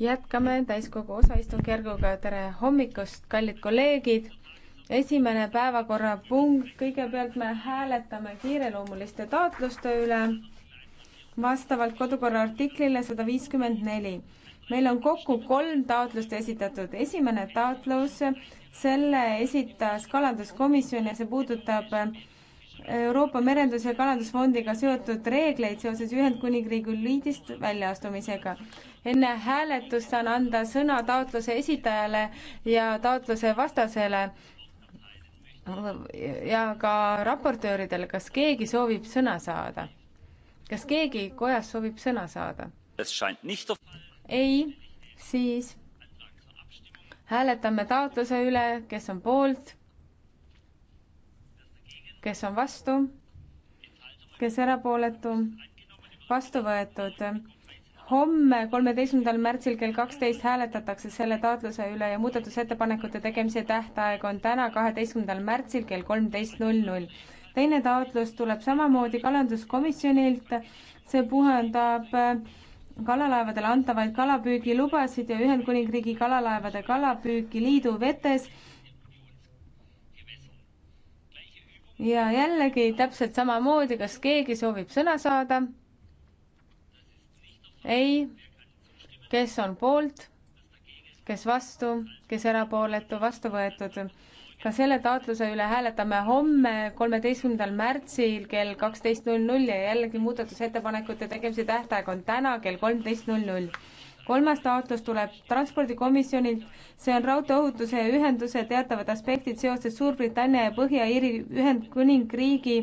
jätkame täiskogu osaistungjärguga, tere hommikust, kallid kolleegid. esimene päevakorrapunkt, kõigepealt me hääletame kiireloomuliste taotluste üle vastavalt kodukorra artiklile sada viiskümmend neli. meil on kokku kolm taotlust esitatud, esimene taotlus, selle esitas kalanduskomisjon ja see puudutab Euroopa Merendus- ja Kalandusfondiga seotud reegleid seoses Ühendkuningriigi liidist väljaastumisega. enne hääletust saan anda sõna taotluse esitajale ja taotluse vastasele ja ka raportööridele, kas keegi soovib sõna saada? kas keegi kojas soovib sõna saada? ei, siis hääletame taotluse üle, kes on poolt, kes on vastu, kes erapooletu, vastu võetud. homme, kolmeteistkümnendal märtsil kell kaksteist hääletatakse selle taotluse üle ja muudatusettepanekute tegemise tähtaeg on täna, kaheteistkümnendal märtsil kell kolmteist null null. teine taotlus tuleb samamoodi kalanduskomisjonilt, see puhendab äh, kalalaevadele antavaid kalapüügilubasid ja Ühendkuningriigi kalalaevade kalapüüki liidu vetes ja jällegi täpselt samamoodi, kas keegi soovib sõna saada? ei. kes on poolt? kes vastu, kes erapooletu, vastu võetud? ka selle taotluse üle hääletame homme, kolmeteistkümnendal märtsil kell kaksteist null null ja jällegi muudatusettepanekute tegemise tähtaeg on täna kell kolmteist null null kolmas taotlus tuleb transpordikomisjonilt, see on raudteeohutuse ja ühenduse teatavad aspektid seoses Suurbritannia ja Põhja-Iiri Ühendkuningriigi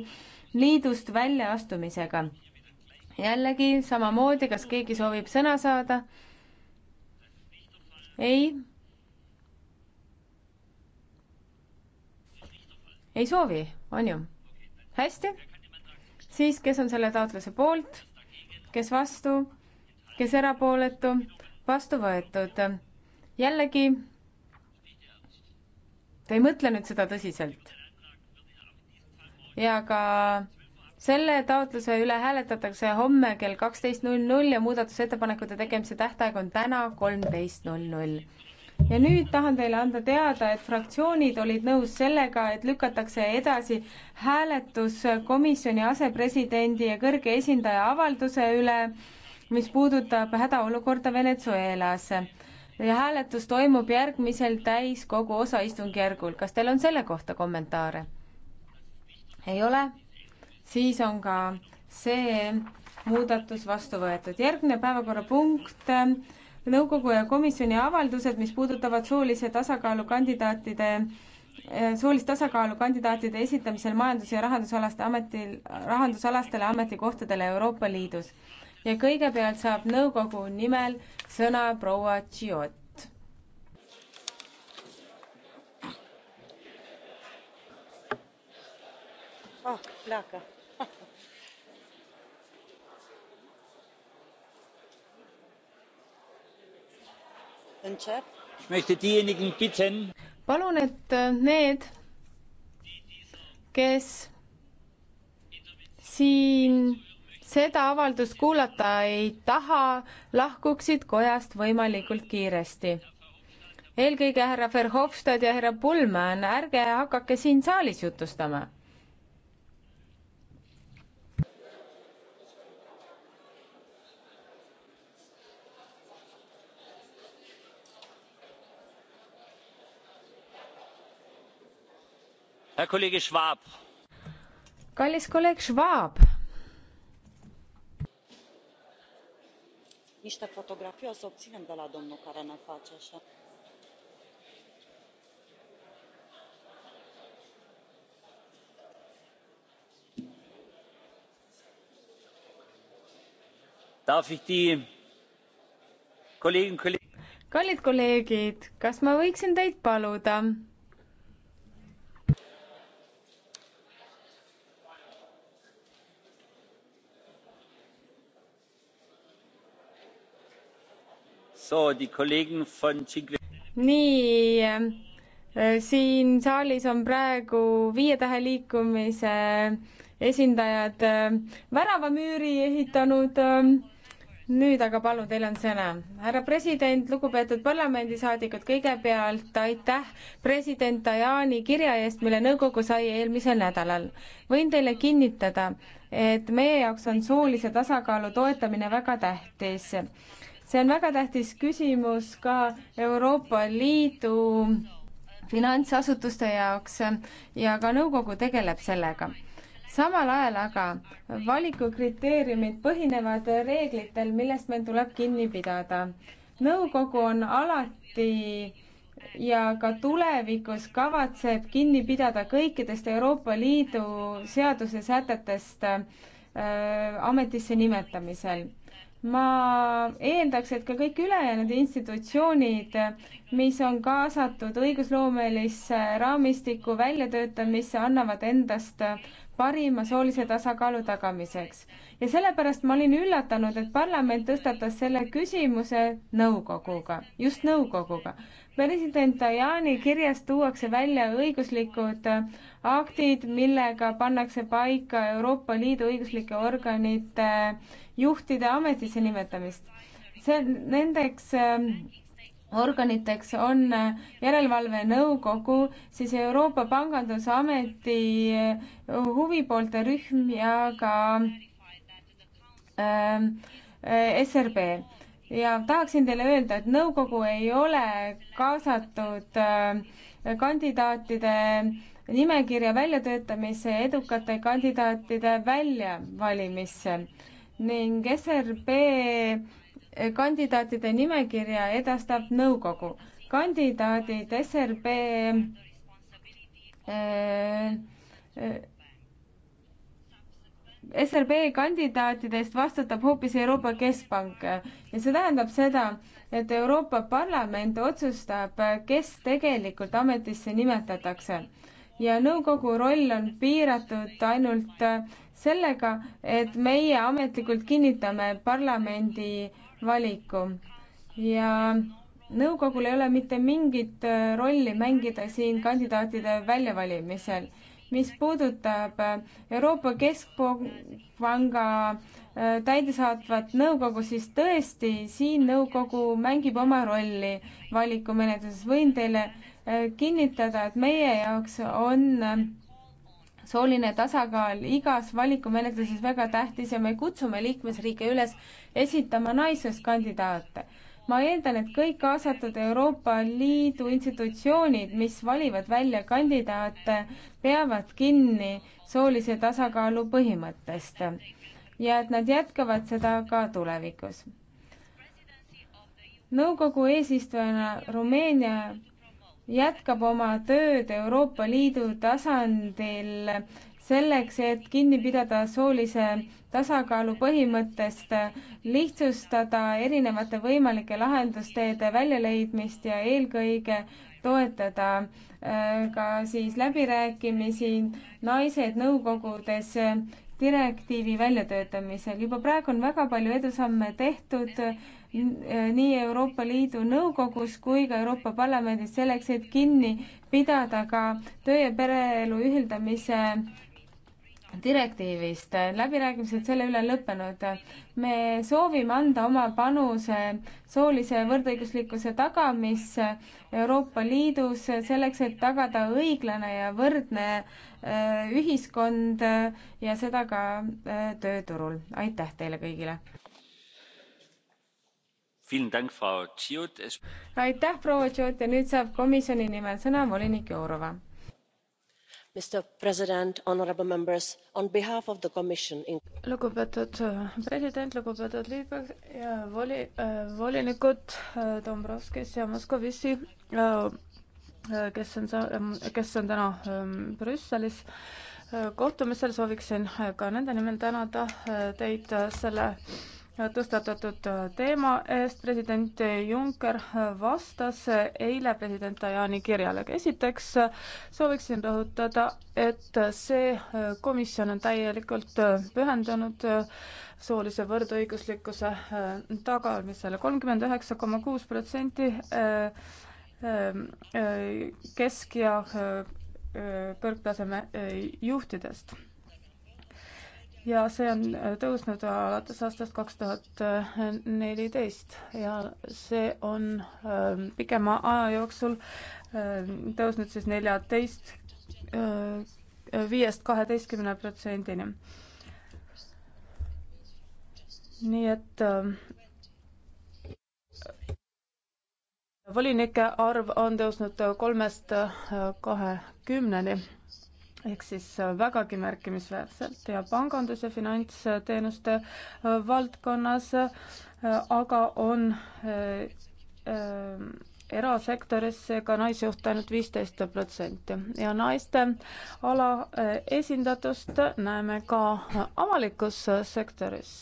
liidust väljaastumisega. jällegi samamoodi, kas keegi soovib sõna saada? ei? ei soovi, on ju? hästi, siis kes on selle taotluse poolt, kes vastu? kes erapooletu, vastu võetud. jällegi, te ei mõtle nüüd seda tõsiselt. ja ka selle taotluse üle hääletatakse homme kell kaksteist null null ja muudatusettepanekute tegemise tähtaeg on täna kolmteist null null ja nüüd tahan teile anda teada, et fraktsioonid olid nõus sellega, et lükatakse edasi hääletus komisjoni asepresidendi ja kõrge esindaja avalduse üle mis puudutab hädaolukorda Venezuelas ja hääletus toimub järgmisel täiskogu osaistungjärgul. kas teil on selle kohta kommentaare? ei ole? siis on ka see muudatus vastu võetud. järgmine päevakorrapunkt, nõukogu ja komisjoni avaldused, mis puudutavad soolise tasakaalu kandidaatide soolist tasakaalu kandidaatide esitamisel majandus- ja rahandusalaste ametil, rahandusalastele ametikohtadele Euroopa Liidus ja kõigepealt saab nõukogu nimel sõna proua Tšiot. Ah, placa. palun et äh, need kes siin seda avaldust kuulata ei taha, lahkuksid kojast võimalikult kiiresti. eelkõige härra Verhofstadt ja härra Pullmann, ärge hakake siin saalis jutustama kallis kolleeg schwab niște fotografii o să obținem de la domnul care ne face așa. Darf ich die Kollegen, Kollegen kallid kolleegid, kas ma võiksin teid paluda? nii, äh, siin saalis on praegu Viie Tähe liikumise äh, esindajad äh, väravamüüri ehitanud. nüüd aga palun, teil on sõna. härra president, lugupeetud parlamendisaadikud, kõigepealt aitäh president Tajani kirja eest, mille nõukogu sai eelmisel nädalal. võin teile kinnitada, et meie jaoks on soolise tasakaalu toetamine väga tähtis see on väga tähtis küsimus ka Euroopa Liidu finantsasutuste jaoks ja ka nõukogu tegeleb sellega. samal ajal aga valikukriteeriumid põhinevad reeglitel, millest meil tuleb kinni pidada. nõukogu on alati ja ka tulevikus kavatseb kinni pidada kõikidest Euroopa Liidu seaduse sätetest äh, ametisse nimetamisel ma eeldaks, et ka kõik ülejäänud institutsioonid, mis on kaasatud õigusloomelisse raamistiku väljatöötamisse, annavad endast parima soolise tasakaalu tagamiseks. ja sellepärast ma olin üllatunud, et parlament tõstatas selle küsimuse nõukoguga, just nõukoguga. president Tajani kirjas tuuakse välja õiguslikud aktid, millega pannakse paika Euroopa Liidu õiguslike organite äh, juhtide ametisse nimetamist. see, nendeks ähm, organiteks on äh, Järelevalvenõukogu, siis Euroopa Pangandusameti äh, huvipoolte rühm ja ka ähm, äh, SRB ja tahaksin teile öelda, et nõukogu ei ole kaasatud äh, kandidaatide nimekirja väljatöötamisse ja edukate kandidaatide väljavalimisse ning SRB kandidaatide nimekirja edastab nõukogu. kandidaadid SRB äh, äh, SRB kandidaatidest vastutab hoopis Euroopa Keskpank ja see tähendab seda, et Euroopa Parlament otsustab, kes tegelikult ametisse nimetatakse. ja nõukogu roll on piiratud ainult äh, sellega, et meie ametlikult kinnitame parlamendi valiku ja nõukogul ei ole mitte mingit äh, rolli mängida siin kandidaatide väljavalimisel. mis puudutab äh, Euroopa Keskpanga äh, täidesaatvat nõukogu, siis tõesti, siin nõukogu mängib oma rolli valikumenetluses. võin teile kinnitada, et meie jaoks on sooline tasakaal igas valikumenetluses väga tähtis ja me kutsume liikmesriike üles esitama naissoost kandidaate. ma eeldan, et kõik kaasatud Euroopa Liidu institutsioonid, mis valivad välja kandidaate, peavad kinni soolise tasakaalu põhimõttest ja et nad jätkavad seda ka tulevikus nõukogu eesistujana Rumeenia jätkab oma tööd Euroopa Liidu tasandil selleks, et kinni pidada soolise tasakaalu põhimõttest, lihtsustada erinevate võimalike lahendusteede väljaleidmist ja eelkõige toetada äh, ka siis läbirääkimisi naised nõukogudes direktiivi väljatöötamisel. juba praegu on väga palju edusamme tehtud Äh, nii Euroopa Liidu Nõukogus kui ka Euroopa Parlamendis selleks, et kinni pidada ka töö ja pereelu ühildamise direktiivist. läbirääkimised selle üle lõppenud. me soovime anda oma panuse soolise võrdõiguslikkuse tagamisse Euroopa Liidus selleks, et tagada õiglane ja võrdne äh, ühiskond ja seda ka äh, tööturul. aitäh teile kõigile! aitäh, proua Tšiot ja nüüd saab komisjoni nimel sõna volinik Jourova. Commission... lugupeetud äh, president, lugupeetud liikmed ja voli äh,, volinikud äh, Dombrovskis ja Moskovitši äh,, äh kes on, ähm, kes on täna ähm, Brüsselis äh, kohtumisel, sooviksin ka nende nimel tänada teid selle tõstatatud äh, teema eest. president Juncker vastas äh, eile president Tajani kirjale. esiteks äh, sooviksin rõhutada, et see komisjon on täielikult pühendunud soolise võrdõiguslikkuse tagamisele. kolmkümmend üheksa koma kuus protsenti kesk- ja kõrgtaseme juhtidest ja see on äh, tõusnud alates aastast kaks tuhat äh, neliteist ja see on ähm, pikema aja jooksul ähm, tõusnud siis neljateist, äh, viiest kaheteistkümne protsendini. nii et ähm, volinike arv on tõusnud kolmest kahekümneni ehk siis äh, vägagi märkimisväärselt ja pangandus- ja finantsteenuste äh, valdkonnas äh, aga on erasektorisse ka naisjuht ainult viisteist protsenti ja naiste alaesindatust näeme ka avalikus sektoris.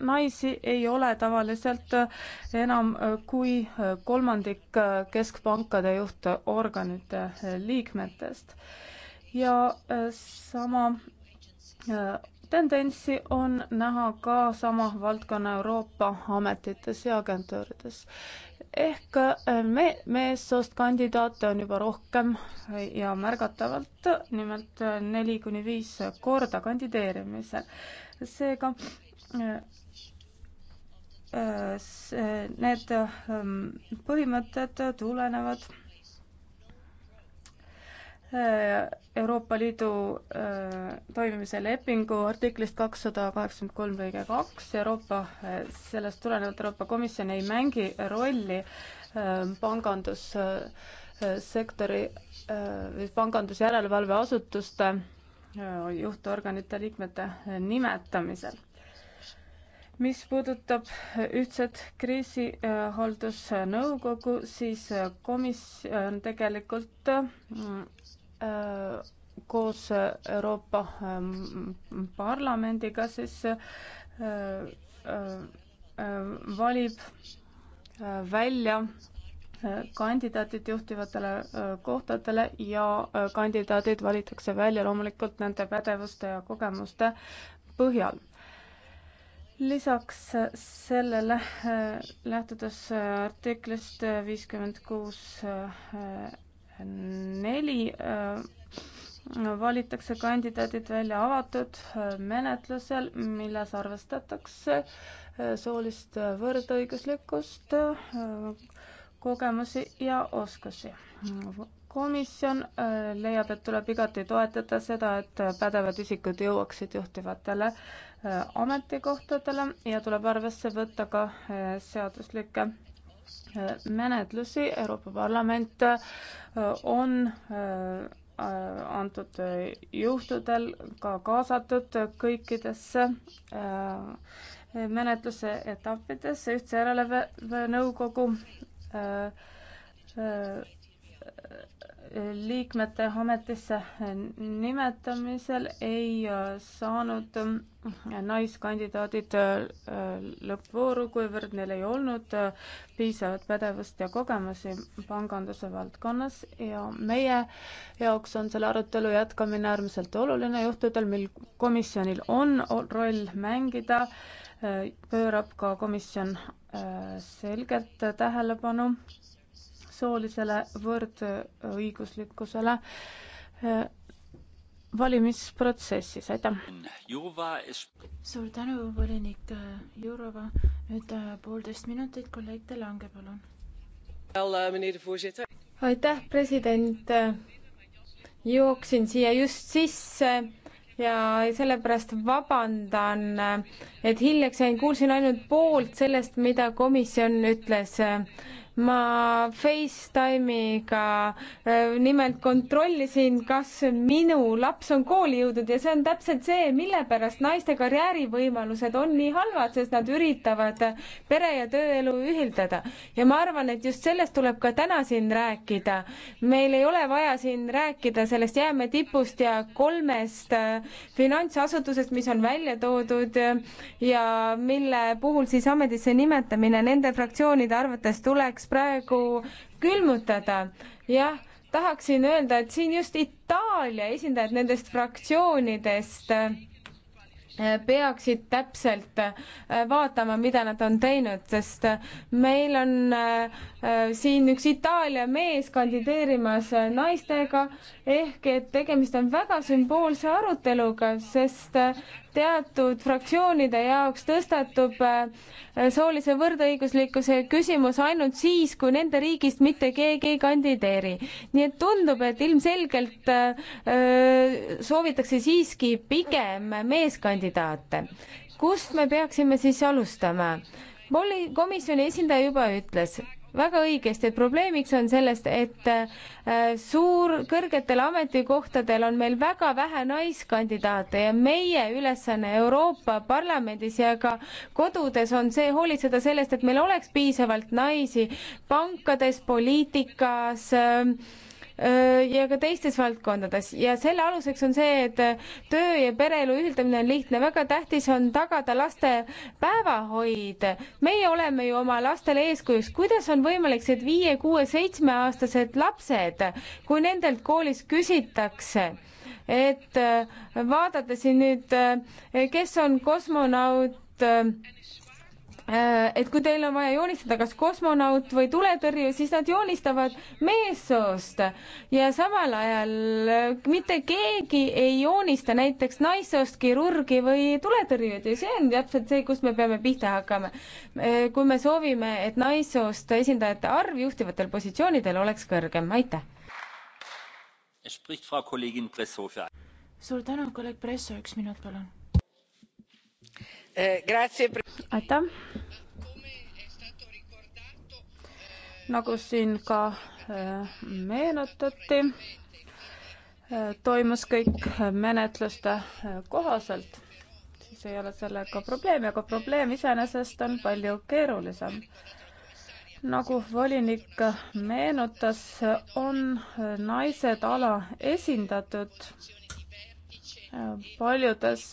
naisi ei ole tavaliselt enam kui kolmandik keskpankade juhtorganite liikmetest ja äh, sama äh, tendentsi on näha ka sama valdkonna Euroopa ametites ja agentuurides. ehk äh, me, meessoost kandidaate on juba rohkem ja märgatavalt, nimelt neli kuni viis korda kandideerimisel. seega see, need põhimõtted tulenevad Äh, Euroopa Liidu äh, toimimise lepingu artiklist kakssada kaheksakümmend kolm lõige kaks, Euroopa, äh, sellest tulenevalt Euroopa Komisjon ei mängi rolli pangandussektori, pangandusjärelevalveasutuste juhtorganite liikmete nimetamisel mis puudutab ühtset kriisihaldusnõukogu, siis komisjon tegelikult Äh, koos äh, Euroopa ähm, Parlamendiga siis äh, valib välja kandidaadid juhtivatele kohtadele ja kandidaadid valitakse välja loomulikult nende pädevuste ja kogemuste põhjal. lisaks sellele, lähtudes artiklist viiskümmend kuus neli äh, valitakse kandidaadid välja avatud äh, menetlusel, milles arvestatakse äh, soolist võrdõiguslikkust, kogemusi ja oskusi. komisjon leiab, et tuleb igati toetada seda, et pädevad isikud jõuaksid juhtivatele ametikohtadele ja tuleb arvesse võtta ka seaduslikke menetlusi, Euroopa Parlament äh, on äh, antud äh, juhtudel ka kaasatud kõikidesse menetluse etappidesse ühtse järelevalve nõukogu liikmete ametisse nimetamisel ei äh, saanud äh, naiskandidaadid äh, lõppvooru, kuivõrd neil ei olnud piisavat pädevust ja kogemusi panganduse valdkonnas ja meie jaoks on selle arutelu jätkamine äärmiselt oluline juhtudel, mil komisjonil on roll mängida, pöörab ka komisjon selgelt tähelepanu soolisele võrdõiguslikkusele eh, valimisprotsessis, aitäh! suur tänu, volinik eh, Jurova, nüüd eh, poolteist minutit, kolleeg De Lange, palun. aitäh, president! jooksin siia just sisse ja sellepärast vabandan, et hiljaks jäin, kuulsin ainult poolt sellest, mida komisjon ütles ma Facetime'iga äh, nimelt kontrollisin, kas minu laps on kooli jõudnud ja see on täpselt see, mille pärast naiste karjäärivõimalused on nii halvad, sest nad üritavad pere ja tööelu ühildada. ja ma arvan, et just sellest tuleb ka täna siin rääkida. meil ei ole vaja siin rääkida sellest jäämäe tipust ja kolmest äh, finantsasutusest, mis on välja toodud ja mille puhul siis ametisse nimetamine nende fraktsioonide arvates tuleks tuleks praegu külmutada. jah, tahaksin öelda, et siin just Itaalia esindajad nendest fraktsioonidest äh, peaksid täpselt äh, vaatama, mida nad on teinud, sest äh, meil on siin üks Itaalia mees kandideerimas naistega ehk et tegemist on väga sümboolse aruteluga, sest teatud fraktsioonide jaoks tõstatub äh, soolise võrdõiguslikkuse küsimus ainult siis, kui nende riigist mitte keegi ei kandideeri. nii et tundub, et ilmselgelt öö, äh, soovitakse siiski pigem meeskandidaate. kust me peaksime siis alustama? komisjoni esindaja juba ütles, väga õigesti, et probleemiks on sellest, et äh, suur, kõrgetel ametikohtadel on meil väga vähe naiskandidaate ja meie ülesanne Euroopa Parlamendis ja ka kodudes on see hoolitseda sellest, et meil oleks piisavalt naisi pankades, poliitikas äh,, ja ka teistes valdkondades ja selle aluseks on see, et töö ja pereelu ühildamine on lihtne, väga tähtis on tagada laste päevahoid. meie oleme ju oma lastele eeskujuks, kuidas on võimalik see, et viie, kuue, seitsmeaastased lapsed, kui nendelt koolis küsitakse, et äh, vaadata siin nüüd, äh, kes on kosmonaut, äh, Äh, et kui teil on vaja joonistada kas kosmonaut või tuletõrje, siis nad joonistavad meessoost ja samal ajal äh, mitte keegi ei joonista näiteks naissoost kirurgi või tuletõrjujat ja see on täpselt see, kust me peame pihta hakkama. Äh, kui me soovime, et naissoost esindajate arv juhtivatel positsioonidel oleks kõrgem, aitäh. suur tänu, kolleeg Presso, üks minut, palun aitäh. nagu siin ka äh, meenutati, äh, toimus kõik menetluste äh, kohaselt, siis ei ole sellega probleemi, aga probleem iseenesest on palju keerulisem. nagu volinik meenutas, on naised alaesindatud paljudes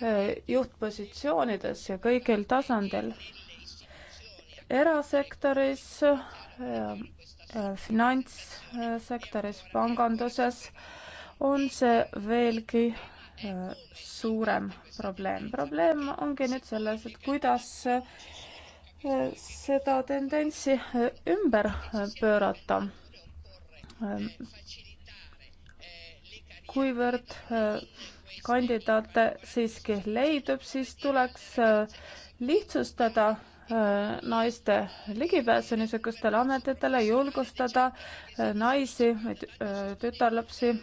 juhtpositsioonides ja kõigil tasandil. erasektoris, äh, finantssektoris, panganduses on see veelgi äh, suurem probleem. probleem ongi nüüd selles, et kuidas äh, seda tendentsi ümber pöörata. kuivõrd kandidaate siiski leidub, siis tuleks äh, lihtsustada äh, naiste ligipääsu niisugustele ametitele, julgustada äh, naisi, tütarlapsi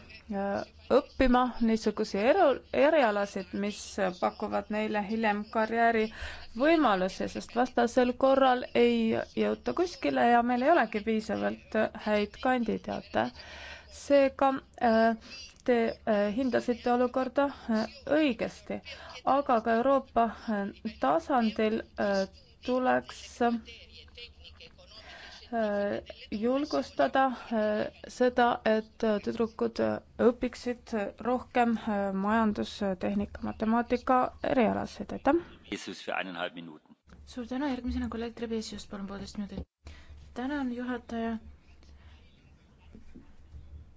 õppima niisugusi eru-, erialasid, mis pakuvad neile hiljem karjäärivõimalusi, sest vastasel korral ei jõuta kuskile ja meil ei olegi piisavalt häid kandidaate. seega te äh, hindasite olukorda äh, õigesti, aga ka Euroopa äh, tasandil tuleks julgustada seda, et tüdrukud õpiksid rohkem majandustehnika, matemaatika erialasid, aitäh. suur tänu, järgmisena kolleeg Trebesius, palun poolteist minutit. tänan, juhataja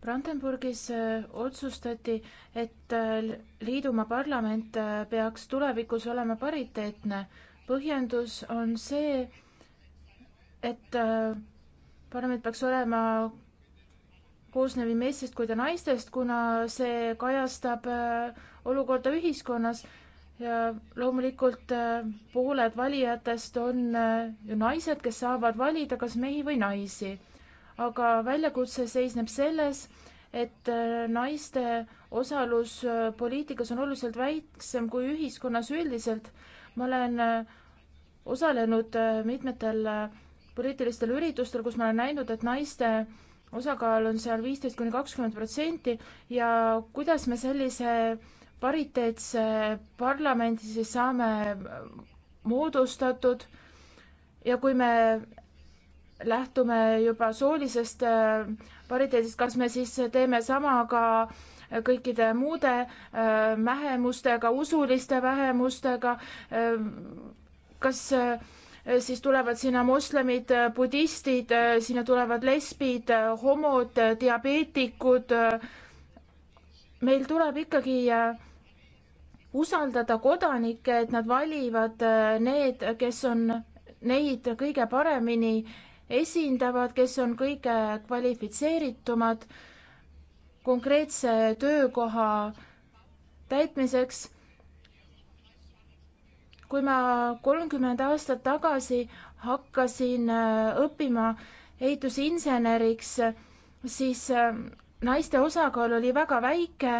Brandenburgis äh, otsustati, et äh, liidumaa parlament äh, peaks tulevikus olema pariteetne. põhjendus on see, et parlament peaks olema koosnev nii meestest kui ka naistest, kuna see kajastab olukorda ühiskonnas ja loomulikult pooled valijatest on ju naised, kes saavad valida, kas mehi või naisi aga väljakutse seisneb selles, et äh, naiste osalus äh, poliitikas on oluliselt väiksem kui ühiskonnas üldiselt. ma olen äh, osalenud mitmetel poliitilistel üritustel, kus ma olen näinud, et naiste osakaal on seal viisteist kuni kakskümmend protsenti ja kuidas me sellise pariteetse parlamendi siis saame moodustatud ja kui me lähtume juba soolisest äh, pariteedist, kas me siis teeme sama ka kõikide muude äh, vähemustega, usuliste vähemustega, äh, kas siis tulevad sinna moslemid, budistid, sinna tulevad lesbid, homod, diabeetikud. meil tuleb ikkagi usaldada kodanikke, et nad valivad need, kes on neid kõige paremini esindavad, kes on kõige äh, kvalifitseeritumad konkreetse töökoha täitmiseks. kui ma kolmkümmend aastat tagasi hakkasin äh, õppima ehitusinseneriks, siis äh, naiste osakaal oli väga väike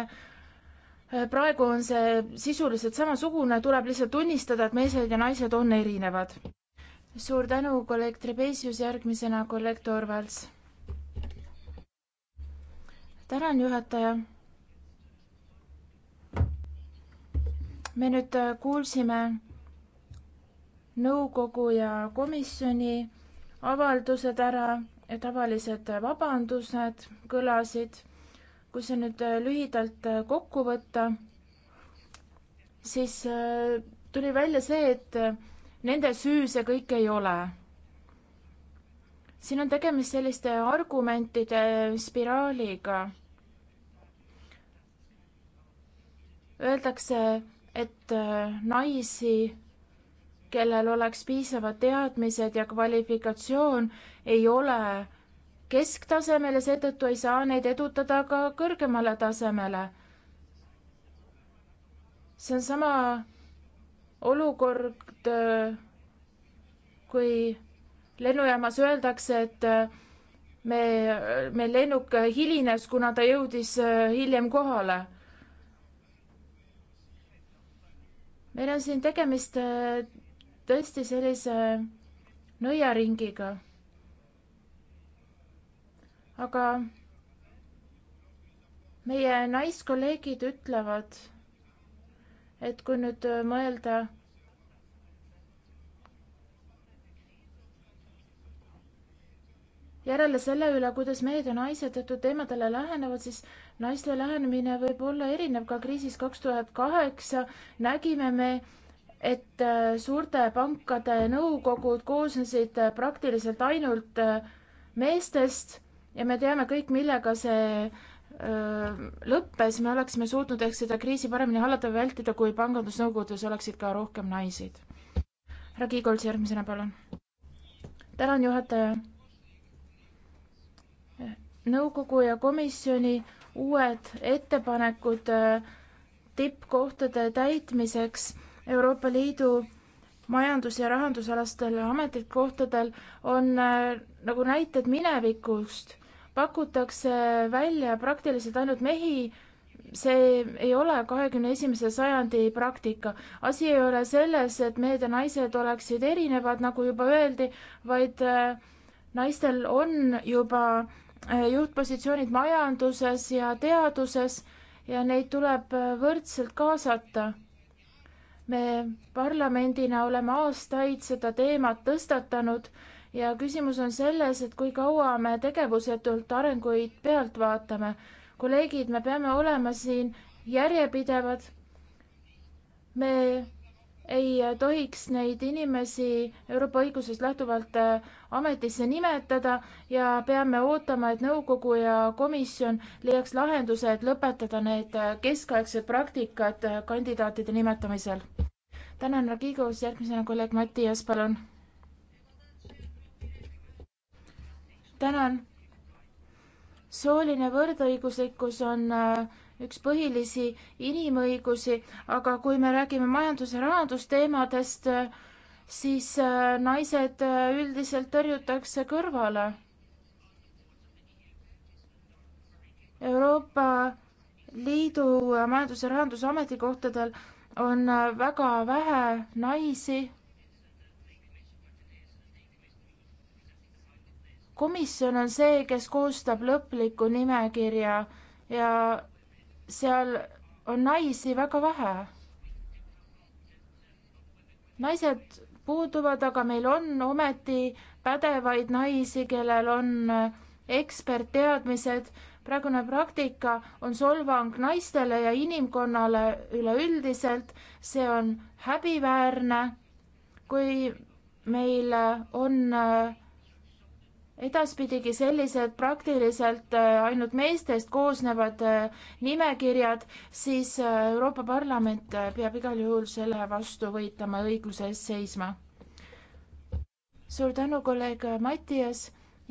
praegu on see sisuliselt samasugune, tuleb lihtsalt tunnistada, et mehed ja naised on erinevad suur tänu, kolleeg Trebesius, järgmisena kolleeg Torvalds. tänan, juhataja. me nüüd äh, kuulsime nõukogu ja komisjoni avaldused ära ja tavalised äh, vabandused kõlasid. kui see nüüd äh, lühidalt kokku võtta, siis tuli välja see, et Nende süü see kõik ei ole. siin on tegemist selliste argumentide spiraaliga. Öeldakse, et äh, naisi, kellel oleks piisavad teadmised ja kvalifikatsioon, ei ole kesktasemel ja seetõttu ei saa neid edutada ka kõrgemale tasemele. see on sama olukord, kui lennujaamas öeldakse, et me, meil lennuk hilines, kuna ta jõudis hiljem kohale. meil on siin tegemist tõesti sellise nõiaringiga. aga meie naiskolleegid ütlevad et kui nüüd äh, mõelda järele selle üle, kuidas mehed ja naised teatud teemadele lähenevad, siis naiste lähenemine võib olla erinev. ka kriisis kaks tuhat kaheksa nägime me, et äh, suurte pankade nõukogud koosnesid äh, praktiliselt ainult meestest ja me teame kõik, millega see lõppes, me oleksime suutnud ehk seda kriisi paremini hallata või vältida, kui pangandusnõukogudes oleksid ka rohkem naisi. härra Kiigolts järgmisena, palun. tänan, juhataja. nõukogu ja komisjoni uued ettepanekud tippkohtade täitmiseks Euroopa Liidu majandus- ja rahandusalastel ametikohtadel on nagu näited minevikust pakutakse välja praktiliselt ainult mehi, see ei ole kahekümne esimese sajandi praktika. asi ei ole selles, et mehed ja naised oleksid erinevad, nagu juba öeldi, vaid äh, naistel on juba äh, juhtpositsioonid majanduses ja teaduses ja neid tuleb äh, võrdselt kaasata. me parlamendina oleme aastaid seda teemat tõstatanud ja küsimus on selles, et kui kaua me tegevusetult arenguid pealt vaatame. kolleegid, me peame olema siin järjepidevad. me ei tohiks neid inimesi Euroopa õigusest lähtuvalt äh, ametisse nimetada ja peame ootama, et nõukogu ja komisjon leiaks lahenduse, et lõpetada need äh, keskaegsed praktikad äh, kandidaatide nimetamisel. tänan, Ragigos, järgmisena kolleeg Mattias, palun tänan. sooline võrdõiguslikkus on äh, üks põhilisi inimõigusi, aga kui me räägime majandus- ja rahandusteemadest, äh, siis äh, naised üldiselt tõrjutakse kõrvale. Euroopa Liidu majandus- ja rahandusametikohtadel on väga vähe naisi komisjon on see, kes koostab lõpliku nimekirja ja seal on naisi väga vähe. naised puuduvad, aga meil on ometi pädevaid naisi, kellel on ekspertteadmised. praegune praktika on solvang naistele ja inimkonnale üleüldiselt. see on häbiväärne, kui meil on äh, edaspidigi sellised praktiliselt äh, ainult meestest koosnevad äh, nimekirjad, siis äh, Euroopa Parlament peab igal juhul selle vastu võitlema ja õigluse eest seisma. suur tänu, kolleeg Mattias,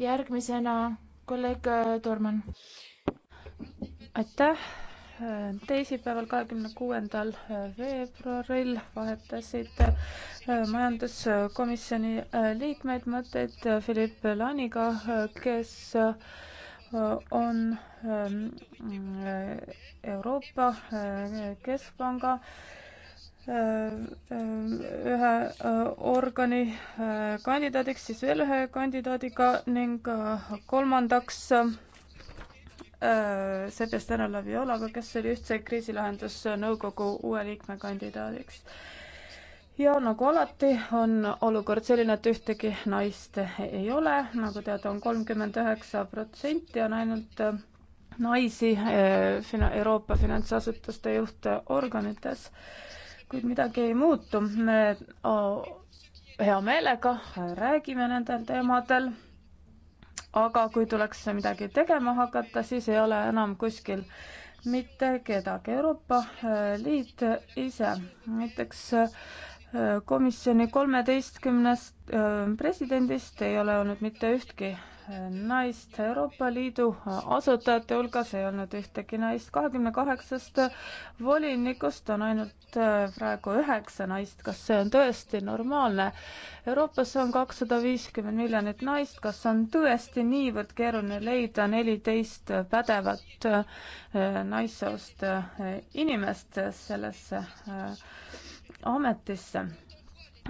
järgmisena kolleeg Torman. aitäh teisipäeval, kahekümne kuuendal veebruaril vahetasid äh, majanduskomisjoni äh, liikmed mõtteid Philippe Laaniga, kes äh, on ähm, Euroopa Keskpanga ühe organi kandidaadiks, siis veel ühe kandidaadiga ning kolmandaks Äh, Sebastiana Laviolaga, kes oli ühtse kriisilahendusnõukogu uue liikme kandidaadiks. ja nagu alati, on olukord selline, et ühtegi naist ei ole, nagu teada, on kolmkümmend üheksa protsenti on ainult äh, naisi äh, fina-, Euroopa finantsasutuste juhtorganites, kuid midagi ei muutu, me oh, hea meelega räägime nendel teemadel aga kui tuleks midagi tegema hakata, siis ei ole enam kuskil mitte kedagi. Euroopa äh, Liit ise, näiteks äh, komisjoni kolmeteistkümnest äh, presidendist ei ole olnud mitte ühtki naist Euroopa Liidu asutajate hulgas ei olnud ühtegi naist. kahekümne kaheksast volinikust on ainult äh, praegu üheksa naist. kas see on tõesti normaalne? Euroopas on kakssada viiskümmend miljonit naist. kas on tõesti niivõrd keeruline leida neliteist pädevat äh, naissoost äh, inimest sellesse ametisse?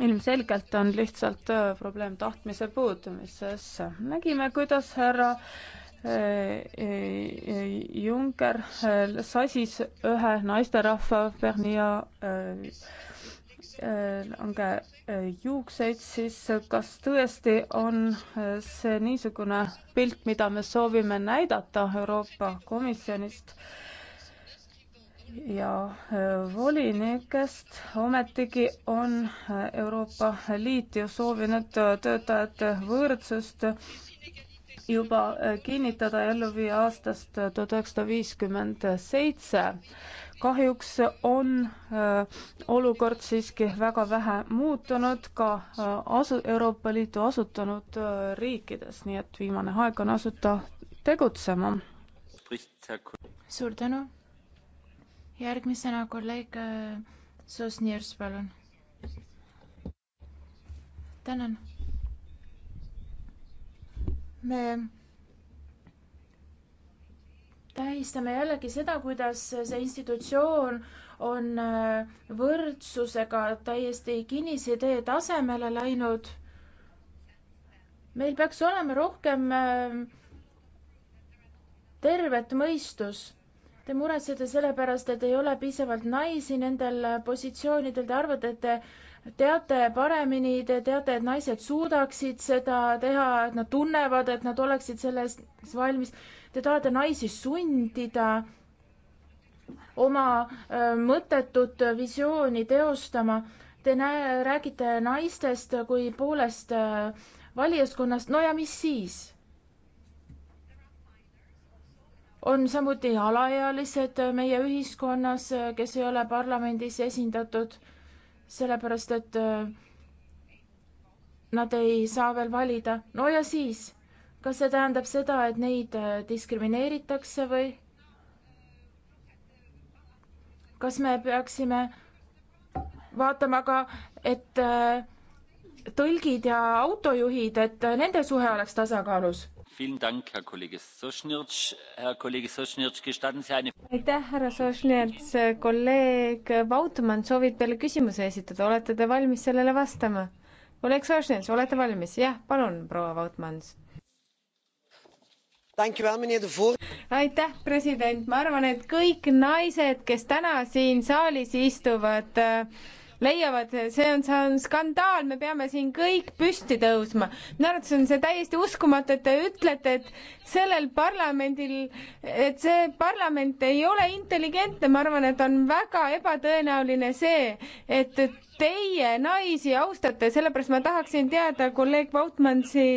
ilmselgelt on lihtsalt äh, probleem tahtmise puudumises. nägime, kuidas härra äh, äh, Juncker sasis ühe naisterahva Bernia lange juukseid, siis kas tõesti on see niisugune pilt, mida me soovime näidata Euroopa Komisjonist? ja äh, volinikest ometigi on äh, Euroopa Liit ju soovinud äh, töötajate võrdsust juba kinnitada ja ellu viia aastast tuhat üheksasada viiskümmend seitse. kahjuks on olukord siiski väga vähe muutunud ka asu-, Euroopa Liitu asutanud riikides, nii et viimane aeg on asuda tegutsema. suur tänu järgmisena kolleeg äh, Sosniers, palun. tänan. me tähistame jällegi seda, kuidas see institutsioon on äh, võrdsusega täiesti kinnisidee tasemele läinud. meil peaks olema rohkem äh, tervet mõistust Te muretsete selle pärast, et ei ole piisavalt naisi nendel positsioonidel, te arvate, et te teate paremini, te teate, et naised suudaksid seda teha, et nad tunnevad, et nad oleksid selleks valmis. Te tahate naisi sundida oma mõttetut visiooni teostama. Te näe, räägite naistest kui poolest valijaskonnast, no ja mis siis? on samuti alaealised meie ühiskonnas, kes ei ole parlamendis esindatud, sellepärast et äh, nad ei saa veel valida. no ja siis, kas see tähendab seda, et neid äh, diskrimineeritakse või? kas me peaksime vaatama ka, et äh, tõlgid ja autojuhid, et nende suhe oleks tasakaalus? aitäh, härra Sošnjats, kolleeg Vautmann soovib teile küsimuse esitada, olete te valmis sellele vastama? kolleeg Sošnjats, olete valmis? jah, palun, proua Vautmans. aitäh, president, ma arvan, et kõik naised, kes täna siin saalis istuvad äh, leiavad, see on, see on skandaal, me peame siin kõik püsti tõusma. minu arvates on see täiesti uskumatu, et te ütlete, et sellel parlamendil, et see parlament ei ole intelligentne, ma arvan, et on väga ebatõenäoline see, et teie naisi austate, sellepärast ma tahaksin teada kolleeg Vautmansi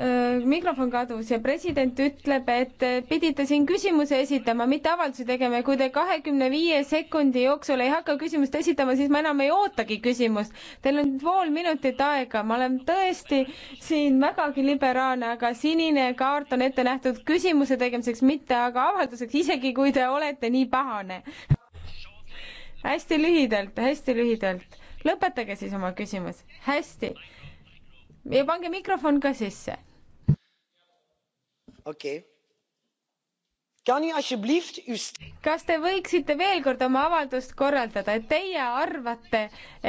Äh, mikrofon kadus ja president ütleb, et äh, pidite siin küsimuse esitama, mitte avaldusi tegema ja kui te kahekümne viie sekundi jooksul ei hakka küsimust esitama, siis ma enam ei ootagi küsimust. Teil on pool minutit aega, ma olen tõesti siin vägagi liberaalne, aga sinine kaart on ette nähtud küsimuse tegemiseks, mitte aga avalduseks, isegi kui te olete nii pahane. hästi lühidalt, hästi lühidalt. lõpetage siis oma küsimus. hästi ja pange mikrofon ka sisse okei okay.. kas te võiksite veel kord oma avaldust korraldada, et teie arvate,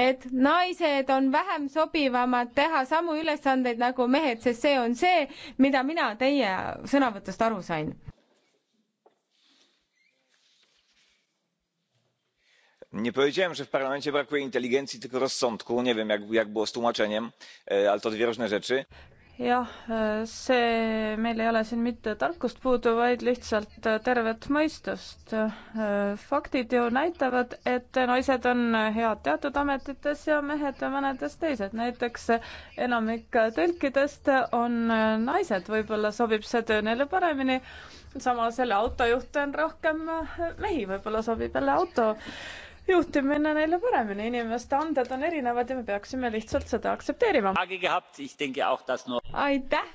et naised on vähem sobivamad teha samu ülesandeid nagu mehed, sest see on see, mida mina teie sõnavõtust aru sain? nie powiedziałem że w parlamencie brakuje inteligencji tylko rozsądku nie wiem jak, jak było z tłumaczeniem e, ale to dwie różne rzeczy jah, see, meil ei ole siin mitte tarkust puudu, vaid lihtsalt tervet mõistust. faktid ju näitavad, et naised on head teatud ametites ja mehed mõnedes teised. näiteks enamik tõlkidest on naised, võib-olla sobib see töö neile paremini. samas jälle autojuhte on rohkem mehi, võib-olla sobib jälle auto juhtimine neile paremini, inimeste anded on erinevad ja me peaksime lihtsalt seda aktsepteerima. aitäh!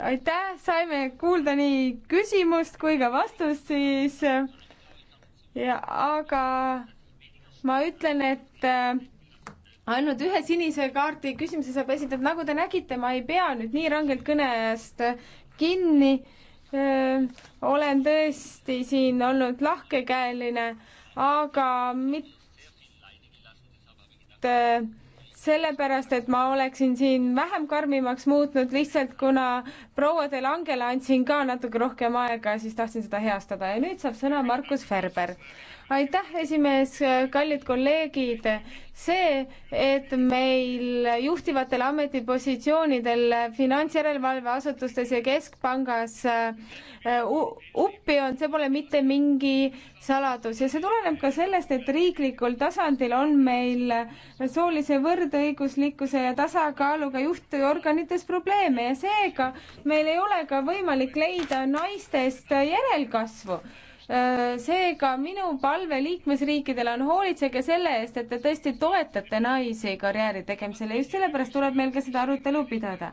aitäh, saime kuulda nii küsimust kui ka vastust siis. ja aga ma ütlen, et äh, ainult ühe sinise kaardi küsimuse saab esitada, nagu te nägite, ma ei pea nüüd nii rangelt kõne eest kinni. Äh, olen tõesti siin olnud lahkekäeline aga mitte sellepärast, et ma oleksin siin vähem karmimaks muutnud, lihtsalt kuna proua De Langele andsin ka natuke rohkem aega, siis tahtsin seda heastada ja nüüd saab sõna Markus Ferber aitäh, esimees, kallid kolleegid. see, et meil juhtivatel ametipositsioonidel finantsjärelevalveasutustes ja keskpangas äh, uppi on, see pole mitte mingi saladus ja see tuleneb ka sellest, et riiklikul tasandil on meil soolise võrdõiguslikkuse ja tasakaaluga juhtorganites probleeme ja seega meil ei ole ka võimalik leida naistest järelkasvu Äh, seega minu palve liikmesriikidele on hoolitsege selle eest, et te tõesti toetate naisi karjääri tegemisel ja just sellepärast tuleb meil ka seda arutelu pidada.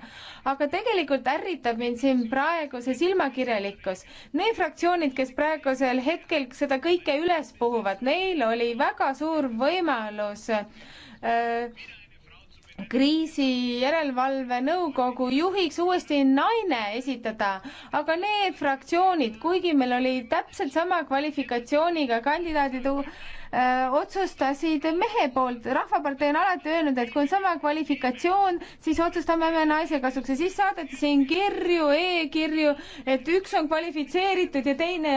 aga tegelikult ärritab mind siin praegu see silmakirjalikkus. Need fraktsioonid, kes praegusel hetkel seda kõike üles puhuvad, neil oli väga suur võimalus öö, äh, kriisijärelevalve nõukogu juhiks uuesti naine esitada, aga need fraktsioonid, kuigi meil oli täpselt sama kvalifikatsiooniga kandidaadid Äh, otsustasid mehe poolt. rahvapartei on alati öelnud, et kui on sama kvalifikatsioon, siis otsustame me naise kasuks ja siis saadeti siin kirju e, e-kirju, et üks on kvalifitseeritud ja teine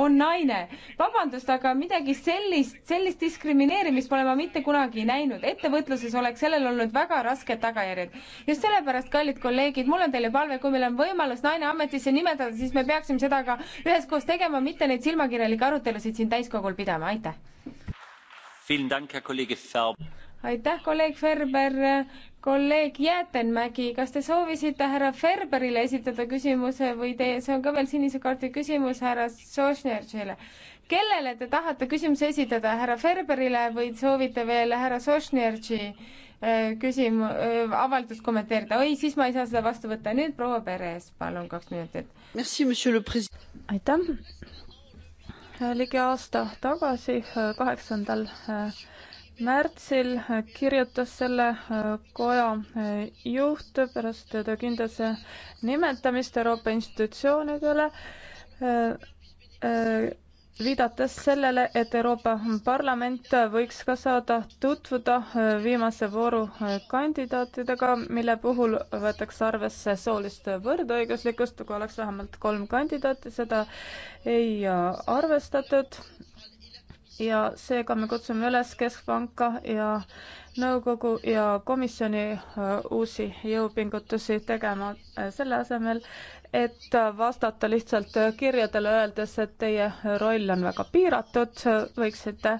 on naine. vabandust, aga midagi sellist, sellist diskrimineerimist pole ma mitte kunagi näinud. ettevõtluses oleks sellel olnud väga rasked tagajärjed. just sellepärast, kallid kolleegid, mul on teile palve, kui meil on võimalus naine ametisse nimetada, siis me peaksime seda ka üheskoos tegema, mitte neid silmakirjalikke arutelusid siin täiskogul pidama, aitäh! aitäh, kolleeg Ferber. kolleeg Jäätenmägi, kas te soovisite härra Ferberile esitada küsimuse või teie, see on ka veel sinise kaardi küsimus härra Sošnjevile. kellele te tahate küsimuse esitada, härra Ferberile või soovite veel härra Sošnjevi äh, küsim-, äh, avaldust kommenteerida? oi, siis ma ei saa seda vastu võtta. nüüd proua Peres, palun kaks minutit. aitäh, ligi aasta tagasi, kaheksandal äh, märtsil äh, kirjutas selle äh, koja juht pärast ta kindlase nimetamist Euroopa institutsioonidele viidates sellele, et Euroopa Parlament võiks ka saada tutvuda äh, viimase vooru äh, kandidaatidega, mille puhul võetakse arvesse soolist võrdõiguslikkust, kui oleks vähemalt kolm kandidaati, seda ei äh, arvestatud. ja seega me kutsume üles Keskpanka ja nõukogu ja komisjoni uusi jõupingutusi tegema selle asemel, et vastata lihtsalt kirjadele, öeldes, et teie roll on väga piiratud, võiksite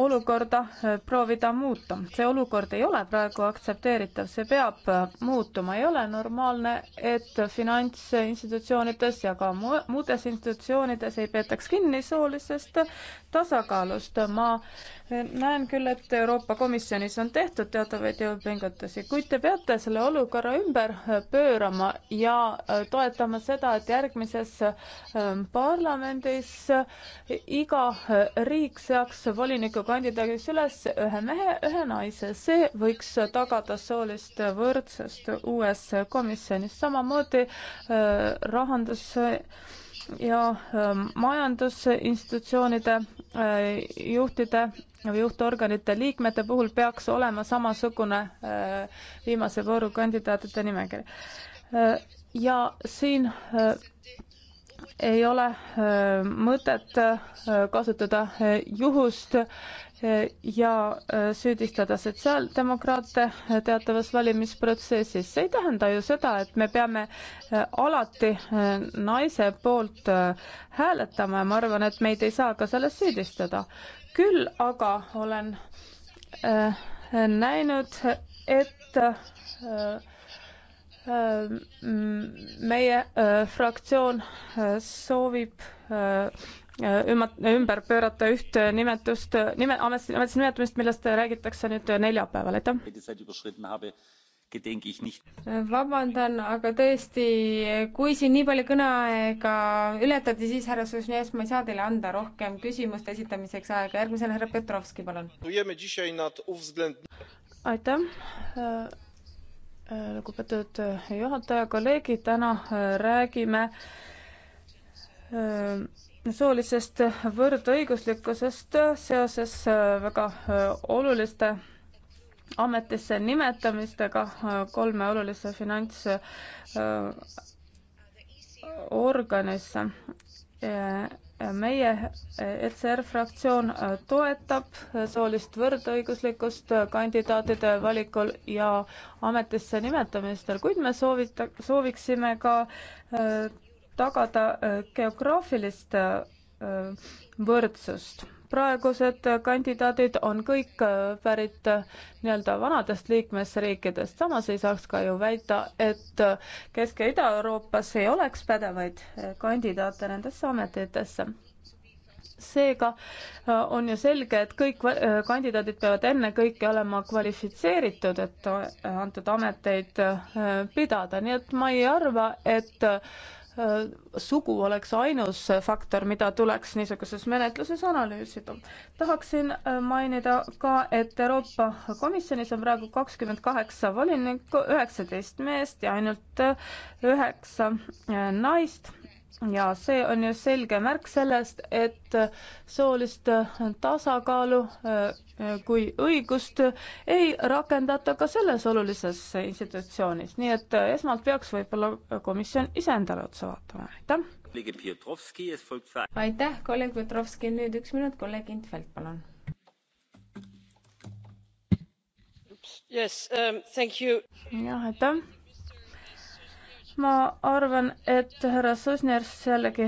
olukorda proovida muuta. see olukord ei ole praegu aktsepteeritav, see peab muutuma, ei ole normaalne, et finantsinstitutsioonides ja ka muudes institutsioonides ei peetaks kinni soolisest tasakaalust. ma näen küll, et Euroopa Komisjonis on tehtud teatavaid jõupingutusi, kuid te peate selle olukorra ümber pöörama ja toetama tähendama seda, et järgmises ähm, parlamendis äh, iga äh, riik seaks volinikukandidaadiks üles ühe mehe, ühe naise. see võiks tagada soolist võrdsust uues komisjonis. samamoodi äh, rahandus ja ähm, majandusinstitutsioonide juhtide või juhtorganite liikmete puhul peaks olema samasugune viimase vooru kandidaatide nimekiri ja siin äh, ei ole äh, mõtet äh, kasutada juhust ja süüdistada sotsiaaldemokraate teatavas valimisprotsessis. see ei tähenda ju seda, et me peame alati naise poolt hääletama ja ma arvan, et meid ei saa ka selles süüdistada. küll aga olen näinud, et Äh, meie äh, fraktsioon äh, soovib ümber pöörata üht nimetust, nime, ametisse nimetamist, millest räägitakse nüüd neljapäeval, aitäh. vabandan, aga tõesti, kui siin nii palju kõneaega ületati, siis härra Sušnjev, ma ei saa teile anda rohkem küsimuste esitamiseks aega, järgmisena härra Petrovski, palun. aitäh Äh, lugupeetud äh, juhataja, kolleegid, täna äh, räägime soolisest võrdõiguslikkusest seoses väga oluliste ametisse nimetamistega kolme olulise finantsorganisse meie ECR fraktsioon äh, toetab äh, soolist võrdõiguslikkust äh, kandidaatide valikul ja ametisse nimetamistel, kuid me soovita-, sooviksime ka tagada geograafilist võrdsust praegused kandidaadid on kõik äh, pärit äh, nii-öelda vanadest liikmesriikidest, samas ei saaks ka ju väita, et äh, Kesk- ja Ida-Euroopas ei oleks pädevaid kandidaate nendesse ametitesse. seega on ju selge, et kõik kandidaadid peavad ennekõike olema kvalifitseeritud, et antud ameteid pidada, nii et ma ei arva, et Äh, sugu oleks ainus faktor, mida tuleks niisuguses menetluses analüüsida. tahaksin äh, mainida ka, et Euroopa Komisjonis on praegu kakskümmend kaheksa volinikku, üheksateist meest ja ainult äh, üheksa naist ja see on ju selge märk sellest, et soolist tasakaalu äh, kui õigust ei rakendata ka selles olulises institutsioonis, nii et äh, esmalt peaks võib-olla komisjon ise endale otsa vaatama, aitäh. aitäh, kolleeg Petrovski, nüüd üks minut, kolleeg Intfeld, palun. Um, jah, aitäh ma arvan, et härra Sosners jällegi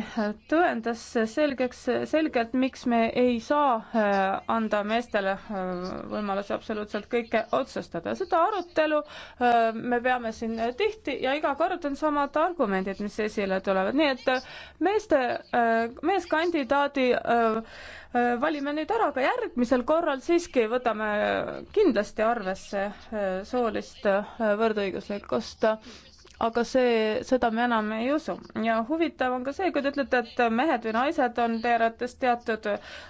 tõendas selgeks, selgelt, miks me ei saa äh, anda meestele äh, võimalusi absoluutselt kõike otsustada. seda arutelu äh, me peame siin tihti ja iga kord on samad argumendid, mis esile tulevad, nii et meeste, meeskandidaadi valime nüüd ära, aga järgmisel korral siiski võtame kindlasti arvesse soolist võrdõiguslikkust aga see, seda me enam ei usu. ja huvitav on ka see, kui te ütlete, et mehed või naised on teie arvates teatud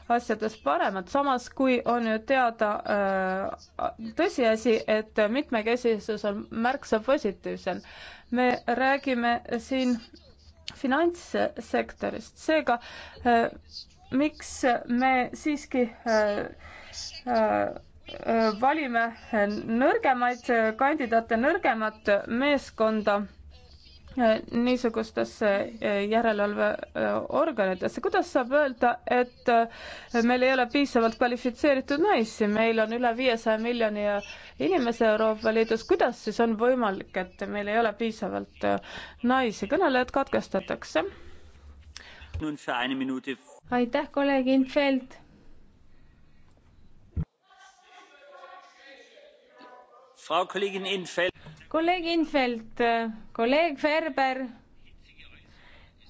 asjades paremad, samas kui on ju teada äh, tõsiasi, et mitmekesisus on märksa positiivsem. me räägime siin finantssektorist, seega äh, miks me siiski äh, äh, valime nõrgemaid kandidaate, nõrgemat meeskonda eh, niisugustesse eh, järelevalveorganitesse. kuidas saab öelda, et eh, meil ei ole piisavalt kvalifitseeritud naisi, meil on üle viiesaja miljoni inimese Euroopa Liidus, kuidas siis on võimalik, et meil ei ole piisavalt naisi, kõnelejad katkestatakse. aitäh, kolleeg Infeld kolleeg Infeld, kolleeg Ferber,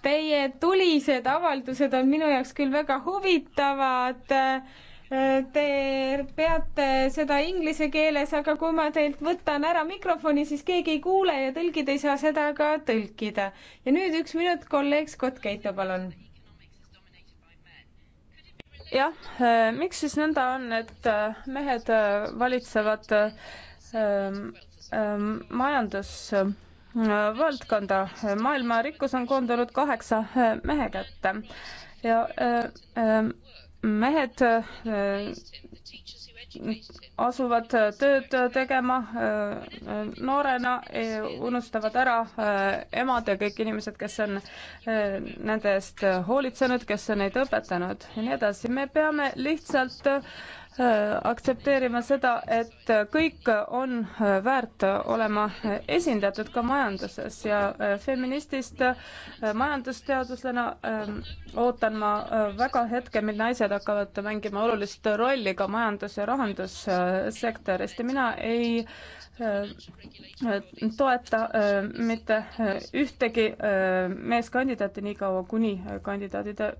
teie tulised avaldused on minu jaoks küll väga huvitavad. Te peate seda inglise keeles, aga kui ma teilt võtan ära mikrofoni, siis keegi ei kuule ja tõlgid ei saa seda ka tõlkida. ja nüüd üks minut, kolleeg Scott Keito, palun jah, miks siis nõnda on, et mehed valitsevad Ehm, ehm, majandusvaldkonda. maailma rikkus on koondunud kaheksa eh, mehe kätte ja eh, ehm, mehed eh, asuvad tööd tegema noorena, unustavad ära emad ja kõik inimesed, kes on nende eest hoolitsenud, kes on neid õpetanud ja nii edasi. me peame lihtsalt Äh, aktsepteerima seda, et kõik on äh, väärt olema esindatud ka majanduses ja äh, feministist majandusteadusena ähm, ootan ma väga hetke, mil naised hakkavad mängima olulist rolli ka majandus- ja rahandussektoris ja mina ei toeta mitte ühtegi meeskandidaati niikaua, kuni kandidaatide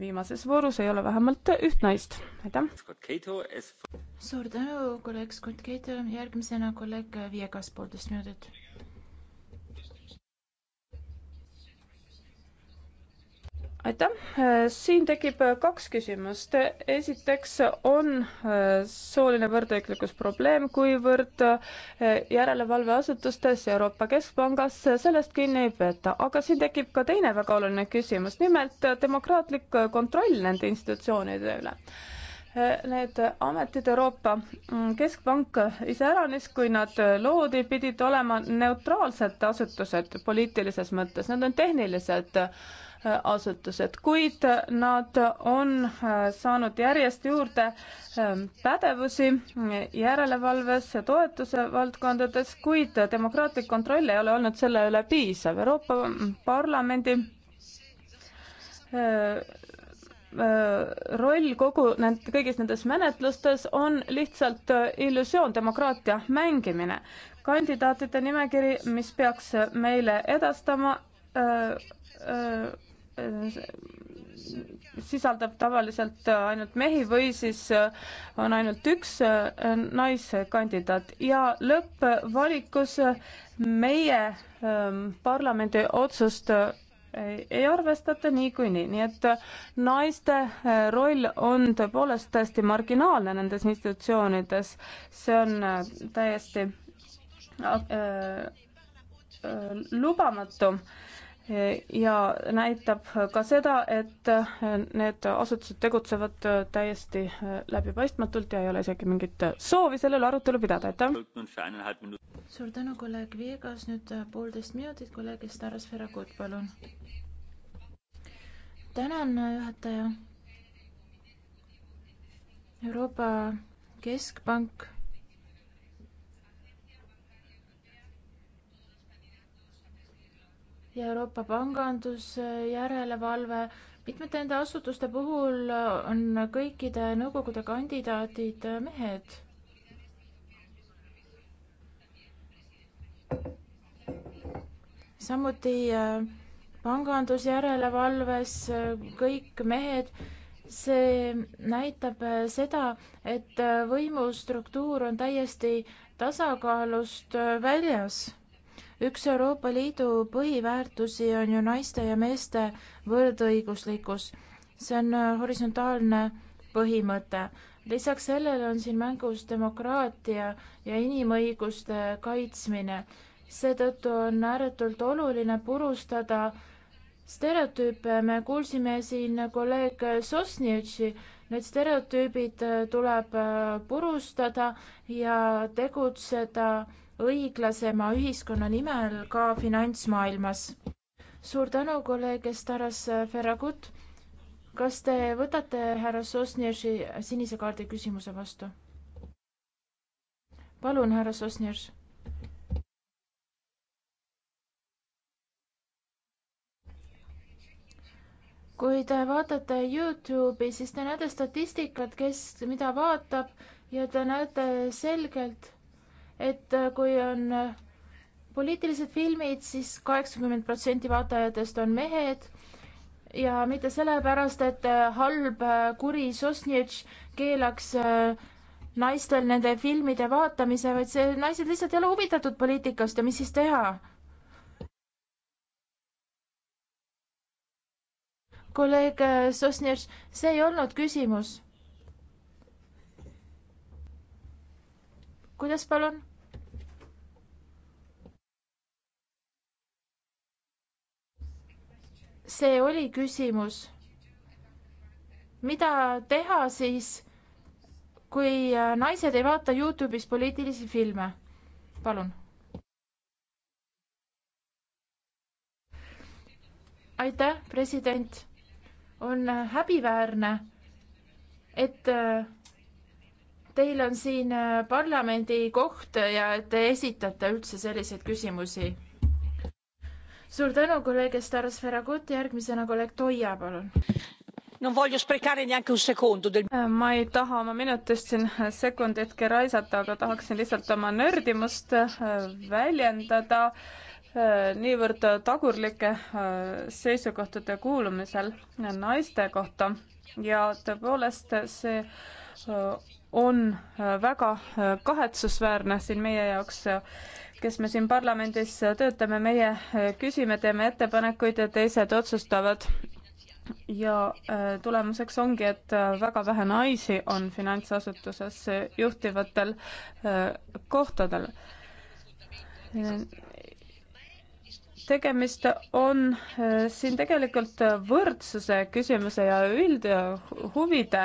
viimases voorus ei ole vähemalt üht naist. aitäh! suur tänu, kolleeg Scott Keita, järgmisena kolleeg Viegas, poolteist minutit. aitäh, siin tekib kaks küsimust. esiteks on äh, sooline võrdõiglikkus probleem, kuivõrd äh, järelevalveasutustes ja Euroopa Keskpangas sellest kinni ei peeta, aga siin tekib ka teine väga oluline küsimus, nimelt demokraatlik kontroll nende institutsioonide üle Need ametid Euroopa Keskpank iseäranis, kui nad loodi, pidid olema neutraalsed asutused poliitilises mõttes, nad on tehnilised asutused, kuid nad on saanud järjest juurde pädevusi järelevalves ja toetuse valdkondades, kuid demokraatlik kontroll ei ole olnud selle üle piisav. Euroopa Parlamendi Äh, roll kogu need, kõigis nendes menetlustes on lihtsalt äh, illusioon, demokraatia mängimine. kandidaatide nimekiri, mis peaks meile edastama, äh, sisaldab tavaliselt ainult mehi või siis on ainult üks naiskandidaat ja lõppvalikus meie ähm, parlamendi otsust ei, ei arvestata niikuinii, nii et äh, naiste äh, roll on tõepoolest täiesti marginaalne nendes institutsioonides, see on äh, täiesti äh, äh, lubamatu ja näitab ka seda, et need asutused tegutsevad täiesti läbipaistmatult ja ei ole isegi mingit soovi selle üle arutelu pidada, aitäh. suur tänu, kolleeg Viegas, nüüd poolteist minutit, kolleeg Estaras Ferragut, palun. tänan, juhataja. Euroopa Keskpank ja Euroopa pangandusjärelevalve. mitmete nende asutuste puhul on kõikide nõukogude kandidaadid mehed. samuti äh, pangandusjärelevalves äh, kõik mehed see näitab äh, seda, et võimustruktuur on täiesti tasakaalust väljas üks Euroopa Liidu põhiväärtusi on ju naiste ja meeste võrdõiguslikkus. see on äh, horisontaalne põhimõte. lisaks sellele on siin mängus demokraatia ja inimõiguste kaitsmine. seetõttu on ääretult oluline purustada stereotüüpe, me kuulsime siin kolleeg Sosnitši, need stereotüübid äh, tuleb äh, purustada ja tegutseda õiglasema ühiskonna nimel ka finantsmaailmas. suur tänu, kolleeg Estaras Ferragut. kas te võtate härra Sosnjerši sinise kaardi küsimuse vastu? palun, härra Sosnjerš. kui te vaatate Youtube'i, siis te näete statistikat, kes mida vaatab ja te näete selgelt et äh, kui on äh, poliitilised filmid siis, siis kaheksakümmend protsenti vaatajatest on mehed ja mitte sellepärast, et äh, halb kuri Sosnitš keelaks naistel nende filmide vaatamise, vaid see, naised lihtsalt ei ole huvitatud poliitikast ja mis siis teha? kolleeg Sosnitš, see ei olnud küsimus. kuidas palun? see oli küsimus. mida teha siis, kui äh, naised ei vaata Youtube'is poliitilisi filme? palun. aitäh, president. on äh, häbiväärne, et äh, teil on siin parlamendi koht ja te esitate üldse selliseid küsimusi suur tänu, kolleeg Estaras Ferragut, järgmisena kolleeg Toia, palun. Äh, ma ei taha oma minutist siin sekunditki raisata, aga tahaksin lihtsalt oma nördimust äh, väljendada äh, niivõrd tagurlike seisukohtade kuulumisel naiste kohta ja tõepoolest see on väga kahetsusväärne siin meie jaoks kes me siin parlamendis töötame, meie äh, küsime, teeme ettepanekuid ja teised otsustavad. ja äh, tulemuseks ongi, et äh, väga vähe naisi on finantsasutuses juhtivatel kohtadel tegemist on siin tegelikult võrdsuse küsimuse ja üldhuvide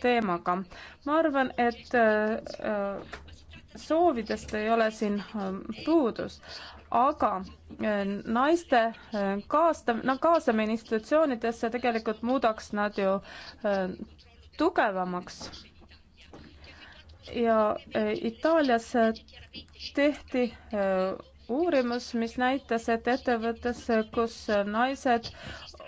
teemaga. ma arvan, et soovidest ei ole siin ähm, puudust, aga äh, naiste äh, kaasta-, no kaasamine institutsioonidesse tegelikult muudaks nad ju äh, tugevamaks. ja Itaalias tehti uurimus, mis näitas, et ettevõttes, kus naised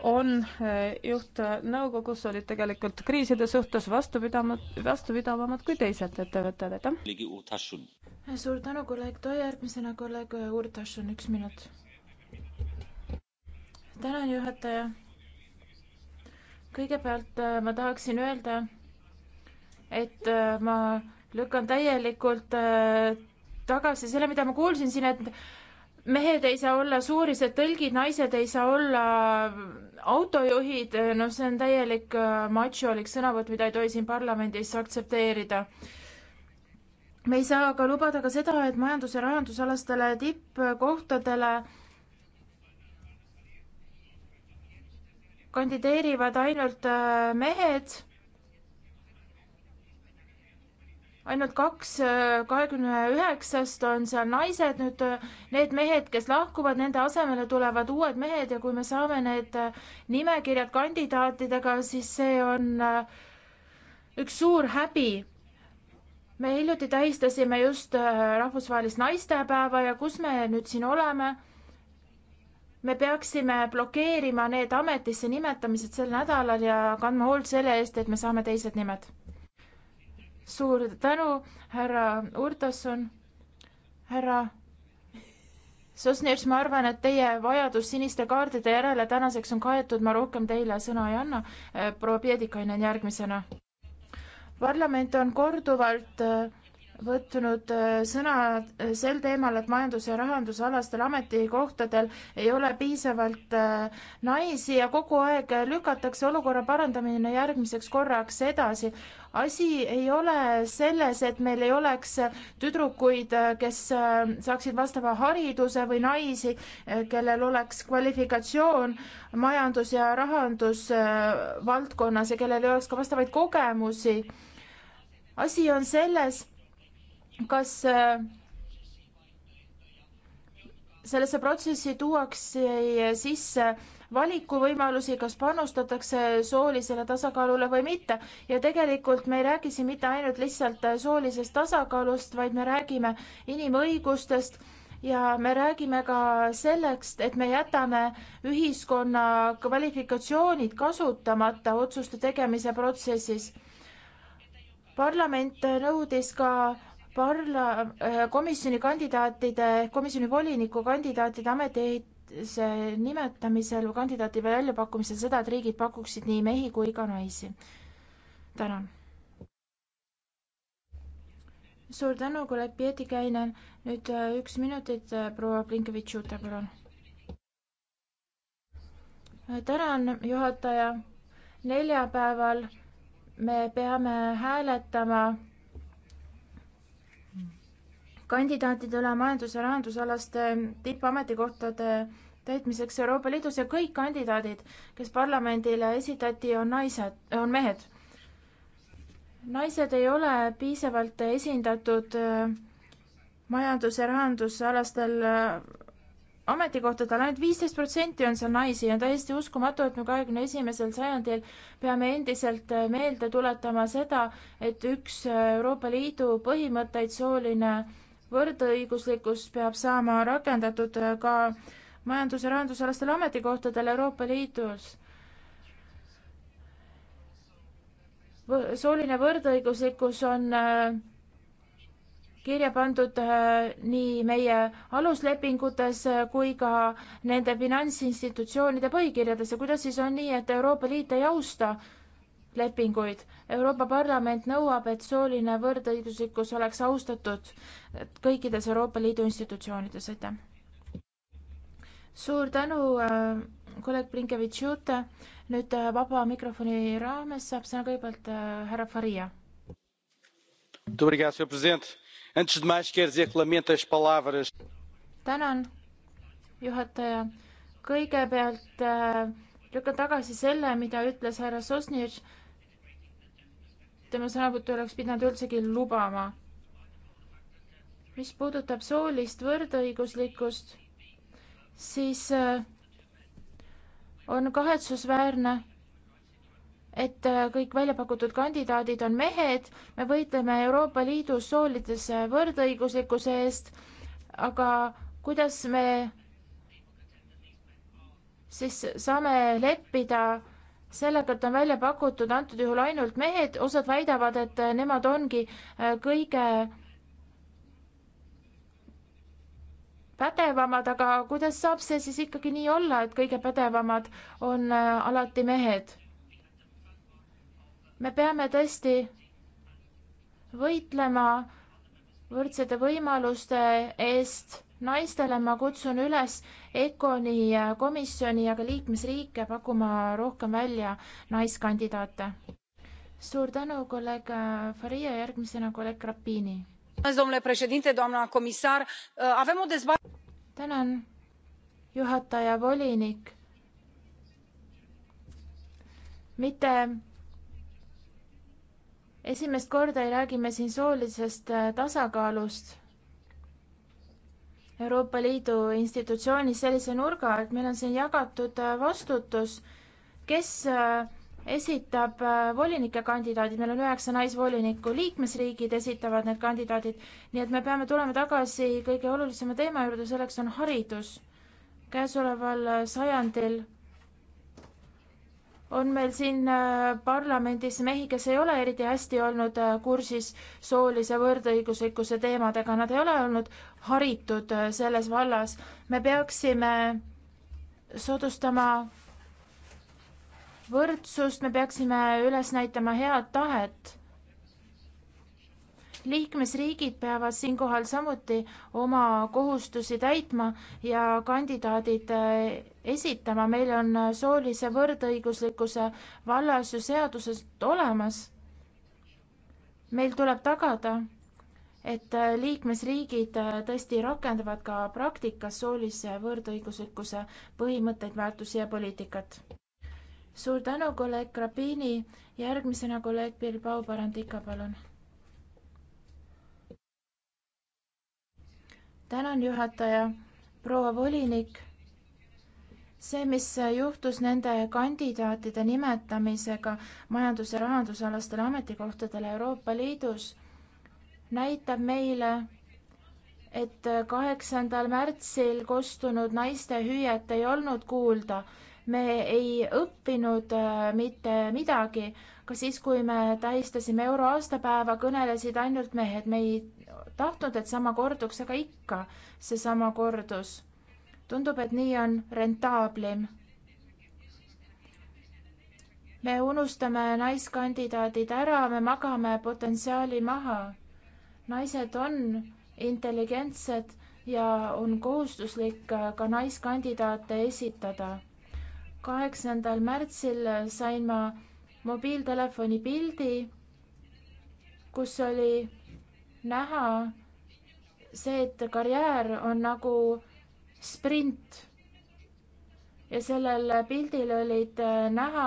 on eh, juhtnõukogus, olid tegelikult kriiside suhtes vastupidamad, vastupidavamad kui teised ettevõtted, aitäh. suur tänu, kolleeg Toi, järgmisena kolleeg Urtašun, üks minut. tänan, juhataja. kõigepealt eh, ma tahaksin öelda, et eh, ma lükkan täielikult tagasi selle, mida ma kuulsin siin, et mehed ei saa olla suurised tõlgid, naised ei saa olla autojuhid, noh, see on täielik äh, macholik sõnavõtt, mida ei tohi siin parlamendis aktsepteerida. me ei saa ka lubada ka seda, et majandus- ja rajandusalastele tippkohtadele kandideerivad ainult äh, mehed ainult kaks äh, kahekümne üheksast on seal naised, nüüd äh, need mehed, kes lahkuvad, nende asemele tulevad uued mehed ja kui me saame need äh, nimekirjad kandidaatidega, siis see on üks suur häbi. me hiljuti tähistasime just rahvusvahelist naistepäeva ja kus me nüüd siin oleme? me peaksime blokeerima need ametisse nimetamised sel nädalal ja kandma hoolt selle eest, et me saame teised nimed suur tänu, härra Urtasson, härra Sosnevs, ma arvan, et teie vajadus siniste kaardide järele tänaseks on kaetud, ma rohkem teile sõna ei anna. proua Piedikainen järgmisena. parlament on korduvalt äh, võtnud äh, sõna äh, sel teemal, et majandus- ja rahandusalastel ametikohtadel ei ole piisavalt äh, naisi ja kogu aeg lükatakse olukorra parandamine järgmiseks korraks edasi. asi ei ole selles, et meil ei oleks tüdrukuid, kes saaksid vastava hariduse või naisi, kellel oleks kvalifikatsioon majandus- ja rahandusvaldkonnas ja kellel ei oleks ka vastavaid kogemusi asi on selles, kas äh, sellesse protsessi tuuakse sisse valikuvõimalusi, kas panustatakse soolisele tasakaalule või mitte. ja tegelikult me ei räägi siin mitte ainult lihtsalt soolisest tasakaalust, vaid me räägime inimõigustest ja me räägime ka sellest, et me jätame ühiskonna kvalifikatsioonid kasutamata otsuste tegemise protsessis. parlament nõudis ka parla-, äh, komisjoni kandidaatide, komisjoni voliniku kandidaatide ametisse nimetamisel või kandidaatide väljapakkumisel seda, et riigid pakuksid nii mehi kui ka naisi. tänan. suur tänu, kolleeg Pietikäinen. nüüd äh, üks minutit, äh, proua Blinkevitš-Jute, palun. tänan, juhataja. neljapäeval me peame hääletama kandidaatidele majandus- ja rahandusalaste tippametikohtade täitmiseks Euroopa Liidus ja kõik kandidaadid, kes parlamendile esitati, on naised, on mehed. naised ei ole piisavalt esindatud äh, majandus- ja rahandusalastel äh, ametikohtadel, ainult viisteist protsenti on seal naisi ja on täiesti uskumatu, et me kahekümne esimesel sajandil peame endiselt äh, meelde tuletama seda, et üks Euroopa Liidu põhimõtteid, sooline võrdõiguslikkus peab saama rakendatud ka majandus- ja rahandusalastel ametikohtadel Euroopa Liidus. sooline võrdõiguslikkus on äh, kirja pandud äh, nii meie aluslepingutes äh, kui ka nende finantsinstitutsioonide põhikirjades ja kuidas siis on nii, et Euroopa Liit ei austa lepinguid. Euroopa Parlament nõuab, et sooline võrdõiguslikkus oleks austatud kõikides Euroopa Liidu institutsioonides, aitäh. suur tänu äh,, kolleeg Blinkevitš-Jute. nüüd äh, vaba mikrofoni raames saab sõna kõigepealt äh, härra Faria. tänan, juhataja. kõigepealt äh, lükkan tagasi selle, mida ütles härra Sosnitš tema sõnavõttu oleks pidanud üldsegi lubama. mis puudutab soolist võrdõiguslikkust, siis äh, on kahetsusväärne, et äh, kõik välja pakutud kandidaadid on mehed, me võitleme Euroopa Liidus soolise äh, võrdõiguslikkuse eest, aga kuidas me siis saame leppida sellega, et on välja pakutud antud juhul ainult mehed, osad väidavad, et äh, nemad ongi äh, kõige pädevamad, aga kuidas saab see siis ikkagi nii olla, et kõige pädevamad on äh, alati mehed? me peame tõesti võitlema võrdsete võimaluste eest naistele ma kutsun üles ECONi komisjoni ja ka liikmesriike pakkuma rohkem välja naiskandidaate. suur tänu, kolleeg Faria, järgmisena kolleeg Grappini. domnule președinte, doamna comisar, avem o dezbatere. tänan, juhataja, volinik. mitte esimest korda ei räägi me siin soolisest äh, tasakaalust Euroopa Liidu institutsioonis sellise nurga, et meil on siin jagatud äh, vastutus, kes äh, esitab äh, volinike kandidaadid, meil on üheksa naisvolinikku, liikmesriigid esitavad need kandidaadid, nii et me peame tulema tagasi kõige olulisema teema juurde, selleks on haridus. käesoleval sajandil on meil siin äh, parlamendis mehi, kes ei ole eriti hästi olnud äh, kursis soolise võrdõiguslikkuse teemadega, nad ei ole olnud haritud äh, selles vallas. me peaksime soodustama võrdsust, me peaksime üles näitama head tahet liikmesriigid peavad siinkohal samuti oma kohustusi täitma ja kandidaadid eh, esitama, meil on soolise võrdõiguslikkuse vallas ju seadused olemas. meil tuleb tagada, et eh, liikmesriigid eh, tõesti rakendavad ka praktikas soolise võrdõiguslikkuse põhimõtteid, väärtusi ja poliitikat. suur tänu, kolleeg Grabini, järgmisena kolleeg Bilbao Barandika, palun tänan, juhataja, proua volinik. see, mis juhtus nende kandidaatide nimetamisega majandus- ja rahandusalastele ametikohtadele Euroopa Liidus, näitab meile, et kaheksandal märtsil kostunud naiste hüüet ei olnud kuulda me ei õppinud äh, mitte midagi. ka siis, kui me tähistasime euro aastapäeva, kõnelesid ainult mehed, me ei tahtnud, et sama korduks, aga ikka seesama kordus. tundub, et nii on rentaablim. me unustame naiskandidaadid ära, me magame potentsiaali maha. naised on intelligentsed ja on kohustuslik ka naiskandidaate esitada kaheksandal märtsil sain ma mobiiltelefoni pildi, kus oli näha see, et karjäär on nagu sprint. ja sellel pildil olid äh, näha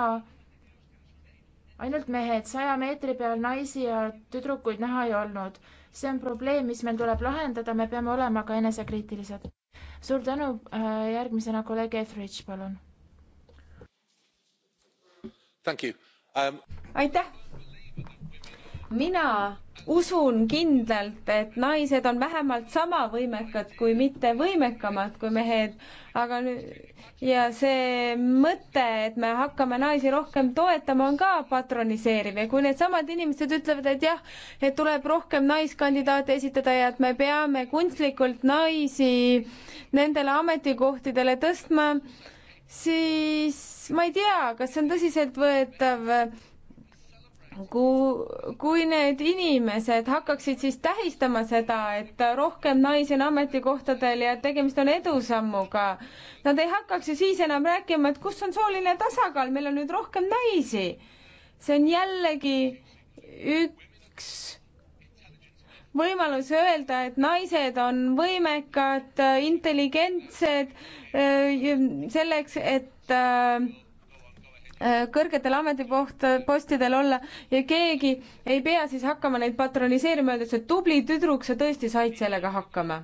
ainult mehed, saja meetri peal naisi ja tüdrukuid näha ei olnud. see on probleem, mis meil tuleb lahendada, me peame olema ka enesekriitilised. suur tänu, äh, järgmisena kolleeg Etheridge, palun Um, aitäh! mina usun kindlalt, et naised on vähemalt sama võimekad, kui mitte võimekamad kui mehed, aga ja see mõte, et me hakkame naisi rohkem toetama, on ka patroniseeriv ja kui needsamad inimesed ütlevad, et jah, et tuleb rohkem naiskandidaate esitada ja et me peame kunstlikult naisi nendele ametikohtadele tõstma, siis ma ei tea, kas see on tõsiseltvõetav, kui, kui need inimesed hakkaksid siis tähistama seda, et rohkem naisi on ametikohtadel ja tegemist on edusammuga, nad ei hakkaks ju siis enam rääkima, et kus on sooline tasakaal, meil on nüüd rohkem naisi. see on jällegi üks võimalus öelda, et naised on võimekad, intelligentsed äh, selleks, et äh, äh, kõrgetel ametipostidel olla ja keegi ei pea siis hakkama neid patroniseerima, öeldes, et tubli tüdruk, sa tõesti said sellega hakkama.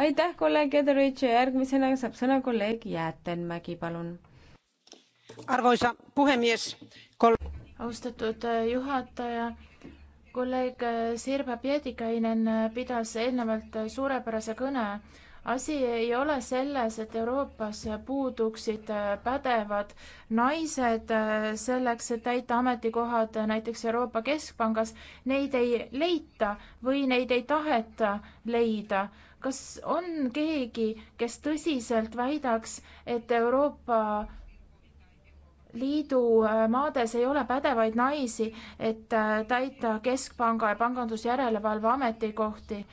aitäh, kolleeg Ederich ja järgmisena saab sõna kolleeg Jäätenmägi, palun. arvoisa puhemees kol-. austatud juhataja kolleeg Sirve Pietikainen pidas eelnevalt suurepärase kõne. asi ei ole selles, et Euroopas puuduksid pädevad naised selleks, et täita ametikohad näiteks Euroopa Keskpangas. Neid ei leita või neid ei taheta leida. kas on keegi, kes tõsiselt väidaks, et Euroopa liidu äh, maades ei ole pädevaid naisi, et äh, täita Keskpanga ja Pangandusjärelevalve ametikohti.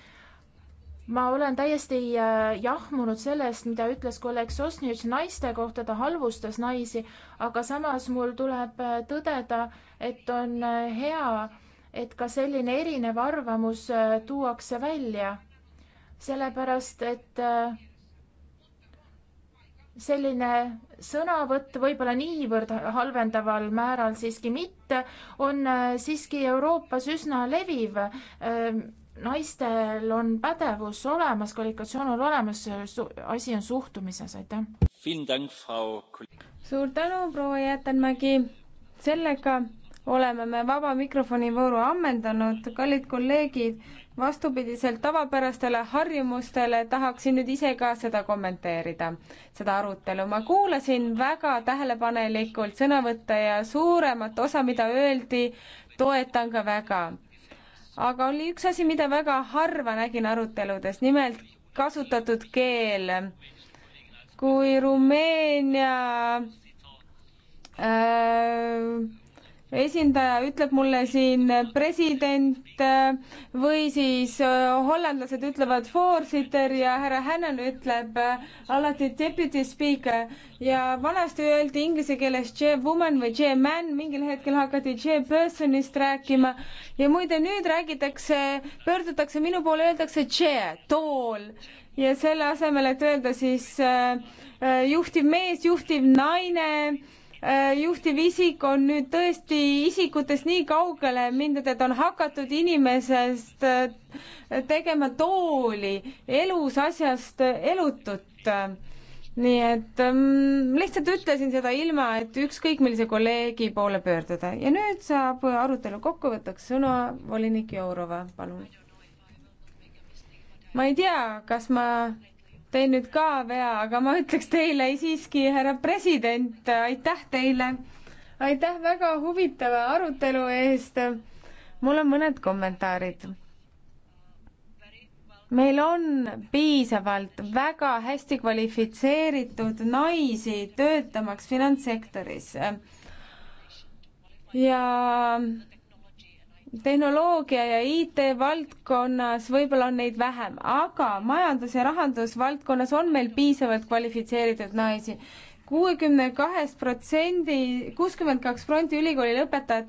ma olen täiesti äh, jahmunud sellest, mida ütles kolleeg Sosnitš naiste kohta, ta halvustas naisi, aga samas mul tuleb tõdeda, et on hea, et ka selline erinev arvamus tuuakse välja. sellepärast, et äh, selline sõnavõtt võib-olla niivõrd halvendaval määral siiski mitte, on äh, siiski Euroopas üsna leviv. Ähm, naistel on pädevus olemas, kvalifikatsioon on olemas, asi on suhtumises, aitäh. suur tänu, proua Jäätenmägi. sellega oleme me vaba mikrofoni vooru ammendanud, kallid kolleegid vastupidiselt tavapärastele harjumustele tahaksin nüüd ise ka seda kommenteerida, seda arutelu. ma kuulasin väga tähelepanelikult sõnavõtte ja suuremat osa, mida öeldi, toetan ka väga. aga oli üks asi, mida väga harva nägin aruteludes, nimelt kasutatud keel. kui Rumeenia äh, esindaja ütleb mulle siin president äh, või siis äh, hollandlased ütlevad voorsitter ja härra Hannon ütleb äh, alati deputy speaker ja vanasti öeldi inglise keeles J-woman või J-man, mingil hetkel hakati J-person'ist rääkima ja muide nüüd räägitakse, pöördutakse minu poole, öeldakse J, tool ja selle asemel, et öelda siis äh, juhtiv mees, juhtiv naine Äh, juhtiv isik on nüüd tõesti isikutest nii kaugele mindud, et on hakatud inimesest äh, tegema tooli, elus asjast äh, elutut. nii et mm, lihtsalt ütlesin seda ilma, et ükskõik millise kolleegi poole pöörduda ja nüüd saab arutelu kokkuvõtteks sõna volinik Jourova, palun. ma ei tea, kas ma teen nüüd ka vea, aga ma ütleks teile siiski, härra president, aitäh teile. aitäh väga huvitava arutelu eest. mul on mõned kommentaarid. meil on piisavalt väga hästi kvalifitseeritud naisi töötamaks finantssektoris ja tehnoloogia ja IT valdkonnas võib-olla on neid vähem, aga majandus- ja rahandusvaldkonnas on meil piisavalt kvalifitseeritud naisi kuuekümne kahest protsendi, kuuskümmend kaks protsenti ülikooli lõpetajatest